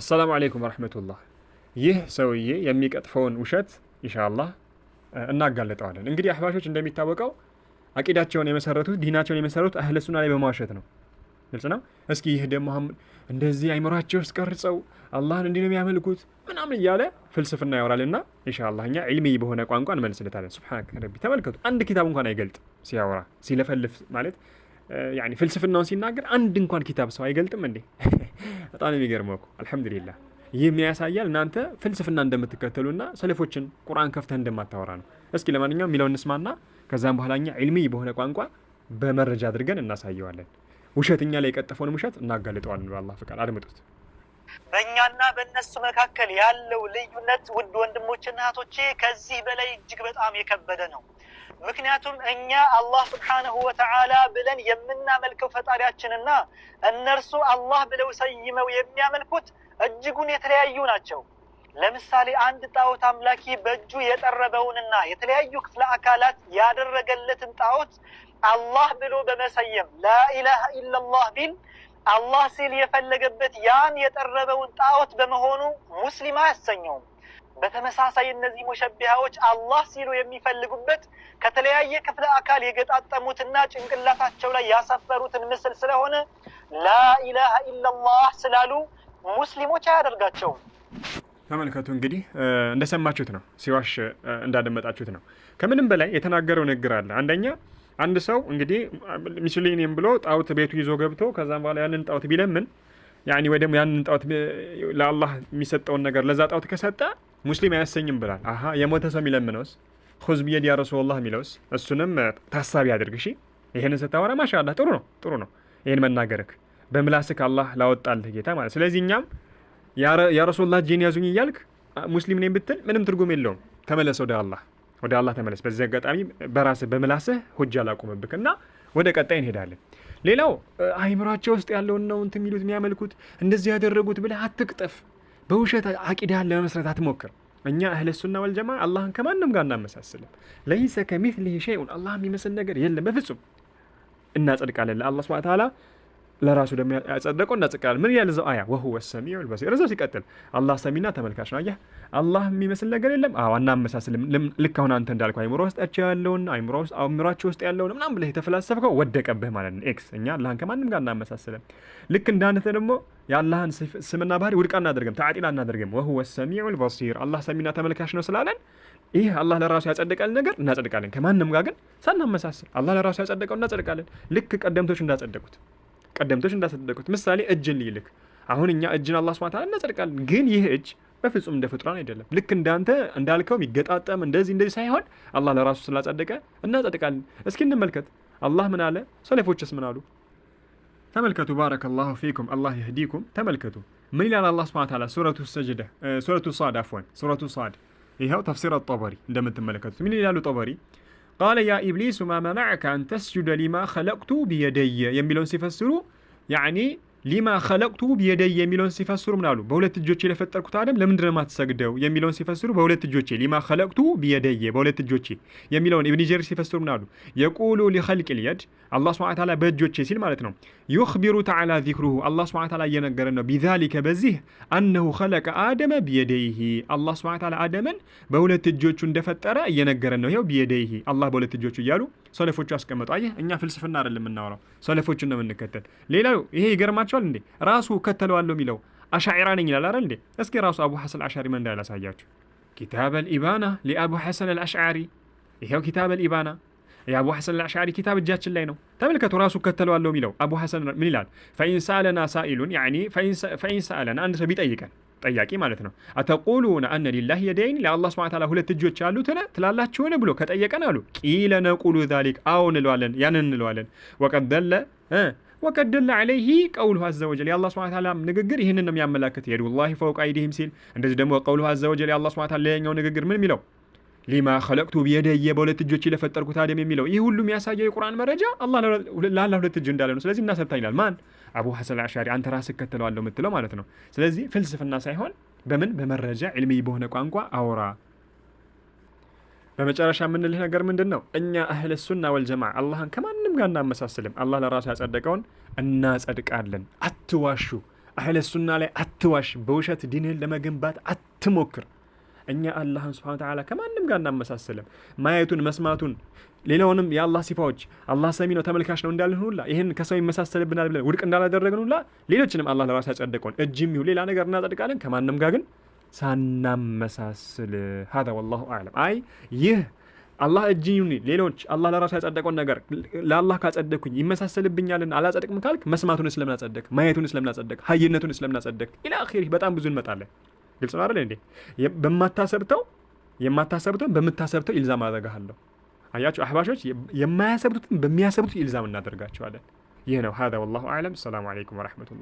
አሰላሙ አለይኩም ረህመቱላህ። ይህ ሰውዬ የሚቀጥፈውን ውሸት ኢንሻአላህ እናጋለጠዋለን። እንግዲህ አህባሾች እንደሚታወቀው አቂዳቸውን የመሰረቱት ዲናቸውን የመሰረቱት አህለ ሱና ላይ በመዋሸት ነው። ግልጽ ነው። እስኪ ይህ ደግሞ እንደዚህ አይምሯቸው ውስጥ ቀርጸው አላህን እንዲህ ነው የሚያመልኩት ምናምን እያለ ፍልስፍና ያወራልና ኢንሻአላህ እኛ ዒልሚ በሆነ ቋንቋ እንመልስለታለን። ሱብሓነከ ረቢ። ተመልከቱ አንድ ኪታብ እንኳን አይገልጥ ሲያወራ ሲለፈልፍ ማለት ያኔ ፍልስፍናውን ሲናገር አንድ እንኳን ኪታብ ሰው አይገልጥም እንዴ? በጣም የሚገርመው እኮ አልሐምዱሊላህ። የሚያሳያል እናንተ ፍልስፍና እንደምትከተሉና ሰለፎችን ቁርአን ከፍተህ እንደማታወራ ነው። እስኪ ለማንኛውም የሚለውን እንስማና ከዛም በኋላ እኛ ዒልሚ በሆነ ቋንቋ በመረጃ አድርገን እናሳየዋለን። ውሸትኛ ላይ የቀጠፈውን ውሸት እናጋልጠዋለን በአላህ ፍቃድ። አድምጡት። በእኛና በእነሱ መካከል ያለው ልዩነት ውድ ወንድሞችና እህቶቼ ከዚህ በላይ እጅግ በጣም የከበደ ነው። ምክንያቱም እኛ አላህ ስብሓነሁ ወተዓላ ብለን የምናመልከው ፈጣሪያችንና እነርሱ አላህ ብለው ሰይመው የሚያመልኩት እጅጉን የተለያዩ ናቸው። ለምሳሌ አንድ ጣዖት አምላኪ በእጁ የጠረበውንና የተለያዩ ክፍለ አካላት ያደረገለትን ጣዖት አላህ ብሎ በመሰየም ላኢላሃ ኢለላህ ቢል አላህ ሲል የፈለገበት ያን የጠረበውን ጣዖት በመሆኑ ሙስሊም አያሰኘውም። በተመሳሳይ እነዚህ ሙሸቢሃዎች አላህ ሲሉ የሚፈልጉበት ከተለያየ ክፍለ አካል የገጣጠሙትና ጭንቅላታቸው ላይ ያሰፈሩትን ምስል ስለሆነ ላኢላሃ ኢላላህ ስላሉ ሙስሊሞች አያደርጋቸውም። ተመልከቱ እንግዲህ እንደሰማችሁት ነው፣ ሲዋሽ እንዳደመጣችሁት ነው። ከምንም በላይ የተናገረው ንግር አለ። አንደኛ አንድ ሰው እንግዲህ ሙስሊም ብሎ ጣውት ቤቱ ይዞ ገብቶ ከዛም በኋላ ያንን ጣውት ቢለምን ያኒ ወይ ደግሞ ያንን ጣውት ለአላህ የሚሰጠውን ነገር ለዛ ጣውት ከሰጠ ሙስሊም አያሰኝም ብላል። አሀ የሞተ ሰው የሚለምነውስ ሁዝ ብየድ ያ ረሱላህ የሚለውስ እሱንም ታሳቢ አድርግ። እሺ ይህን ስታወራ ማሻአላህ ጥሩ ነው፣ ጥሩ ነው ይህን መናገርክ በምላስክ አላህ ላወጣልህ ጌታ ማለት። ስለዚህ እኛም ያ ረሱላህ ጄን ያዙኝ እያልክ ሙስሊም ነኝ ብትል ምንም ትርጉም የለውም። ተመለስ ወደ አላህ ወደ አላህ ተመለስ። በዚህ አጋጣሚ በራስህ በምላስህ ሁጅ አላቁምብክ እና ወደ ቀጣይ እንሄዳለን። ሌላው አይምሯቸው ውስጥ ያለውን ነው እንትን የሚሉት የሚያመልኩት እንደዚህ ያደረጉት ብለህ አትቅጠፍ። በውሸት አቂዳህን ለመመስረት አትሞክር። እኛ እህለ ሱና ወልጀማ አላህን ከማንም ጋር እናመሳስልም። ለይሰ ከሚትሊሂ ሸይኡን አላህ የሚመስል ነገር የለም በፍጹም። እናጸድቃለን ለአላህ ስብሐ ተዓላ ለራሱ ደግሞ ያጸደቀው እናጸድቃለን። ምን ያል ዘው አያ ወሁ ወሰሚዑል በሲር እዛው ሲቀጥል አላህ ሰሚና ተመልካች ነው። አያ አላህ የሚመስል ነገር የለም። አዎ አናመሳስልም። ልክ አሁን አንተ እንዳልኩ አይምሮ ውስጣቸው ያለውን አይምሮ ውስጥ አእምሯቸው ውስጥ ያለውን ምናም ብለህ የተፈላሰፍከው ወደቀብህ ማለት ነው። ኤክስ እኛ አላህን ከማንም ጋር አናመሳስልም። ልክ እንዳንተ ደግሞ የአላህን ስምና ባህሪ ውድቅ አናደርግም፣ ተዓጢል አናደርግም። ወሁ ወሰሚዑል በሲር አላህ ሰሚና ተመልካች ነው ስላለን ይህ አላህ ለራሱ ያጸደቀልን ነገር እናጸድቃለን። ከማንም ጋር ግን ሳናመሳስል አላህ ለራሱ ያጸደቀው እናጸድቃለን። ልክ ቀደምቶች እንዳጸደቁት ቀደምቶች እንዳሰደቁት ምሳሌ እጅን ልይልክ። አሁን እኛ እጅን አላህ ስብሐ ተዓላ እናጸድቃለን፣ ግን ይህ እጅ በፍጹም እንደ ፍጡራን አይደለም። ልክ እንዳንተ እንዳልከው የሚገጣጠም እንደዚህ እንደዚህ ሳይሆን አላህ ለራሱ ስላጸደቀ እናጸድቃለን። እስኪ እንመልከት፣ አላህ ምን አለ? ሰለፎችስ ምን አሉ? ተመልከቱ። ባረከላሁ ፊኩም አላህ የህዲኩም። ተመልከቱ ምን ይላል አላህ ስብሐ ተዓላ ሱረቱ ሰጅደ ሱረቱ ሳድ አፍዋን ሱረቱ ሳድ ይኸው ተፍሲር ጠበሪ እንደምትመለከቱት ምን ይላሉ ጠበሪ قال يا إبليس ما منعك أن تسجد لما خلقت بيدي يملون سفسرو يعني لما خلقته بيدي يميلون سيفسروا من قالوا بهولت الجوتشي لفتركت عالم لمندر ما تسجدوا يميلون سيفسروا بهولت الجوتشي لما خلقته بيدي بهولت الجوتشي يميلون ابن جرير سيفسروا من قالوا يقول لخلق اليد الله سبحانه وتعالى بجوتشي سيل معناتنا يخبر تعالى ذكره الله سبحانه وتعالى ينغرنا بذلك بزيه انه خلق ادم بيديه الله سبحانه وتعالى ادم بهولت الجوتشو اندفتره ينغرنا بيديه الله بهولت الجوتشو يالو ሰለፎቹ ያስቀመጡ። አየህ እኛ ፍልስፍና አይደለም የምናወራው፣ ሰለፎቹን ነው የምንከተል። ሌላው ይሄ ይገርማቸዋል እንዴ ራሱ ከተለዋለሁ የሚለው አሻዒራ ነኝ ይላል አይደል እንዴ? እስኪ ራሱ አቡ ሐሰን አሻሪ ምን እንዳለ አሳያችሁ። ኪታብ አልኢባና ለአቡ ሐሰን አልአሽዓሪ። ይሄው ኪታብ አልኢባና የአቡ ሐሰን አልአሽዓሪ ኪታብ እጃችን ላይ ነው። ተመልከቱ ራሱ ከተለዋለሁ የሚለው አቡ ሐሰን ምን ይላል? ፈኢን ሰአለና ሳኢሉን ያኒ ፈኢን ሰአለና አንድ ሰው ቢጠይቀን ጠያቂ ማለት ነው። አተቁሉነ አነ ሊላህ የደይን ለአላህ ስብሐነ ወተዓላ ሁለት እጆች ያሉትን ትላላችሁን ብሎ ከጠየቀን አሉ ቂለ ነቁሉ ዛሊክ አዎ እንለዋለን፣ ያን እንለዋለን። ወቀድ ደለ ወቀድ ደለ ዐለይሂ ቀውሉሁ አዘ የአላህ ስብሐነ ወተዓላ ንግግር ይህንን ነው የሚያመላክት። የዱላሂ ፈውቀ አይዲሂም ሲል እንደዚህ ደግሞ ቀውሉሁ አዘ የአላህ ስብሐነ ወተዓላ ሌላኛው ንግግር ምን የሚለው ሊማ ኸለቅቱ ብየደየ በሁለት እጆች ለፈጠርኩት አደም የሚለው ይህ ሁሉ የሚያሳየው የቁርአን መረጃ ለአላህ ሁለት እጅ እንዳለ ነው። ስለዚህ እናሰብታ ይላል ማን አቡ ሐሰን አሻሪ አንተ ራስህ እከተለዋለሁ የምትለው ማለት ነው። ስለዚህ ፍልስፍና ሳይሆን በምን በመረጃ ዕልሚ በሆነ ቋንቋ አውራ። በመጨረሻ የምንልህ ነገር ምንድን ነው? እኛ አህል ሱና ወልጀማ አላህን ከማንም ጋር እናመሳስልም። አላህ ለራሱ ያጸደቀውን እናጸድቃለን። አትዋሹ። አህል ሱና ላይ አትዋሽ። በውሸት ዲንህን ለመገንባት አትሞክር። እኛ አላህን ስብሐነ ተዓላ ከማንም ጋር እናመሳስልም። ማየቱን፣ መስማቱን፣ ሌላውንም የአላህ ሲፋዎች አላህ ሰሚ ነው ተመልካች ነው እንዳልን ሁላ ይህን ከሰው ይመሳሰልብናል ብለን ውድቅ እንዳላደረግን ሁላ ሌሎችንም አላህ ለራሱ ያጸደቀውን እጅም ይሁን ሌላ ነገር እናጸድቃለን ከማንም ጋር ግን ሳናመሳስል። ሀዛ ወላሁ አዕለም። አይ ይህ አላህ እጅ ሌሎች አላህ ለራሱ ያጸደቀውን ነገር ለአላህ ካጸደቅኩኝ ይመሳሰልብኛልና አላጸድቅም ካልክ መስማቱን ስለምናጸደቅ፣ ማየቱን ስለምናጸደቅ፣ ሀይነቱን ስለምናጸደቅ ኢላ አኺሪህ በጣም ብዙ እንመጣለን። ግልጽ ነው አይደል እንዴ? በማታሰብተው የማታሰብተው በምታሰብተው ኢልዛም አደርግሃለሁ። አያችሁ አህባሾች የማያሰብቱትን በሚያሰብቱት ኢልዛም እናደርጋቸዋለን። ይህ ነው። ሀዛ ወላሁ አለም። ሰላሙ አለይኩም ወረሕመቱላህ